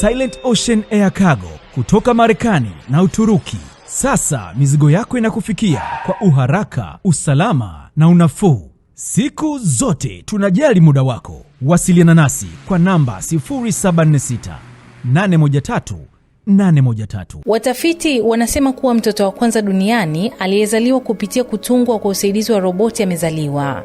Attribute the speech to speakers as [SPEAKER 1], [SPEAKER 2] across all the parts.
[SPEAKER 1] Silent Ocean Air Cargo kutoka Marekani na Uturuki. Sasa mizigo yako inakufikia kwa uharaka, usalama na unafuu. Siku zote tunajali muda wako. Wasiliana nasi kwa namba 076 813 813.
[SPEAKER 2] Watafiti wanasema kuwa mtoto wa kwanza duniani aliyezaliwa kupitia kutungwa kwa usaidizi wa roboti amezaliwa.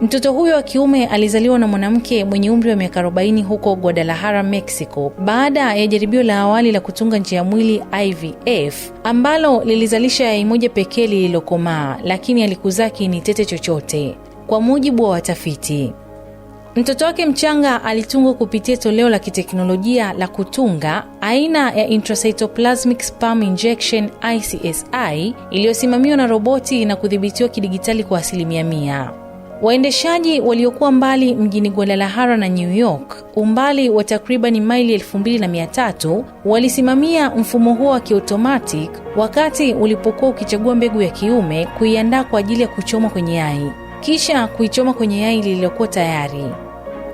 [SPEAKER 2] Mtoto huyo wa kiume alizaliwa na mwanamke mwenye umri wa miaka 40 huko Guadalajara, Mexico, baada ya jaribio la awali la kutunga njia ya mwili IVF ambalo lilizalisha yai moja pekee lililokomaa, lakini alikuzaa tete chochote, kwa mujibu wa watafiti. Mtoto wake mchanga alitungwa kupitia toleo la kiteknolojia la kutunga aina ya intracytoplasmic sperm injection ICSI iliyosimamiwa na roboti na kudhibitiwa kidigitali kwa asilimia mia. Waendeshaji waliokuwa mbali mjini Guadalajara na New York, umbali wa takribani maili 2300, walisimamia mfumo huo wa kiotomatic wakati ulipokuwa ukichagua mbegu ya kiume kuiandaa kwa ajili ya kuchoma kwenye yai, kisha kuichoma kwenye yai lililokuwa tayari.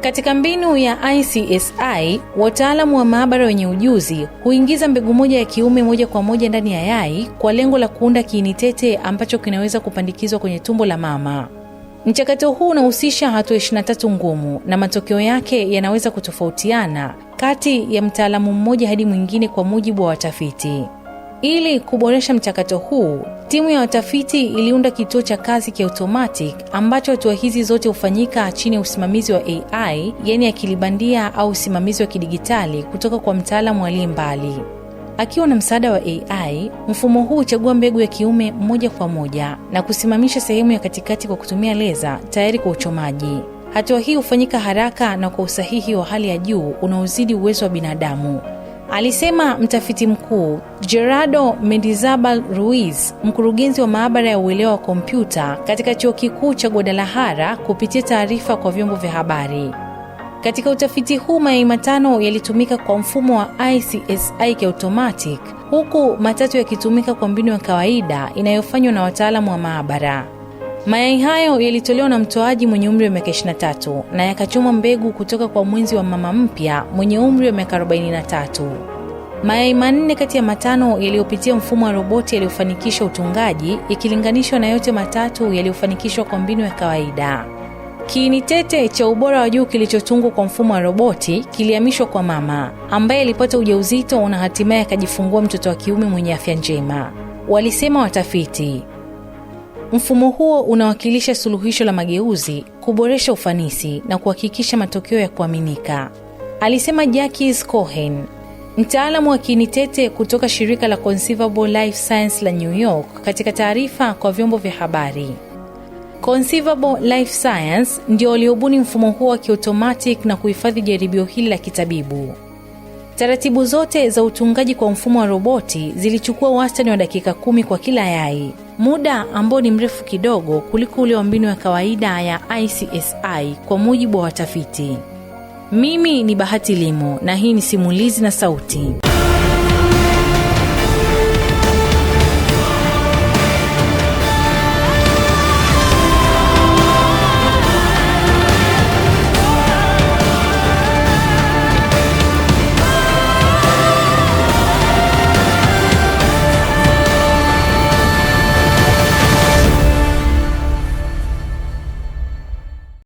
[SPEAKER 2] Katika mbinu ya ICSI, wataalamu wa maabara wenye ujuzi huingiza mbegu moja ya kiume moja kwa moja ndani ya yai kwa lengo la kuunda kiinitete ambacho kinaweza kupandikizwa kwenye tumbo la mama. Mchakato huu unahusisha hatua 23 ngumu na matokeo yake yanaweza kutofautiana kati ya mtaalamu mmoja hadi mwingine kwa mujibu wa watafiti. Ili kuboresha mchakato huu, timu ya watafiti iliunda kituo cha kazi kiotomatic ambacho hatua hizi zote hufanyika chini ya usimamizi wa AI, yani akilibandia au usimamizi wa kidigitali kutoka kwa mtaalamu aliye mbali. Akiwa na msaada wa AI, mfumo huu huchagua mbegu ya kiume moja kwa moja na kusimamisha sehemu ya katikati kwa kutumia leza tayari kwa uchomaji. Hatua hii hufanyika haraka na kwa usahihi wa hali ya juu unaozidi uwezo wa binadamu, alisema mtafiti mkuu Gerardo Mendizabal Ruiz, mkurugenzi wa maabara ya uelewa wa kompyuta katika chuo kikuu cha Guadalajara, kupitia taarifa kwa vyombo vya habari. Katika utafiti huu mayai matano yalitumika kwa mfumo wa ICSI kiautomatic, huku matatu yakitumika kwa mbinu ya kawaida inayofanywa na wataalamu wa maabara. Mayai hayo yalitolewa na mtoaji mwenye umri wa miaka 23 na yakachoma mbegu kutoka kwa mwenzi wa mama mpya mwenye umri wa miaka 43. Mayai manne kati ya matano yaliyopitia mfumo wa roboti yaliyofanikisha utungaji ikilinganishwa na yote matatu yaliyofanikishwa kwa mbinu ya kawaida. Kiini tete cha ubora wa juu kilichotungwa kwa mfumo wa roboti kilihamishwa kwa mama ambaye alipata ujauzito na hatimaye akajifungua mtoto wa kiume mwenye afya njema, walisema watafiti. Mfumo huo unawakilisha suluhisho la mageuzi, kuboresha ufanisi na kuhakikisha matokeo ya kuaminika, alisema Jacques Cohen, mtaalamu wa kiini tete kutoka shirika la Conceivable Life Science la New York katika taarifa kwa vyombo vya habari. Conceivable Life Science ndio waliobuni mfumo huo wa kiotomatic na kuhifadhi jaribio hili la kitabibu. Taratibu zote za utungaji kwa mfumo wa roboti zilichukua wastani wa dakika kumi kwa kila yai, muda ambao ni mrefu kidogo kuliko ule wa mbinu ya kawaida ya ICSI kwa mujibu wa watafiti. Mimi ni Bahati Limo na hii ni Simulizi na Sauti.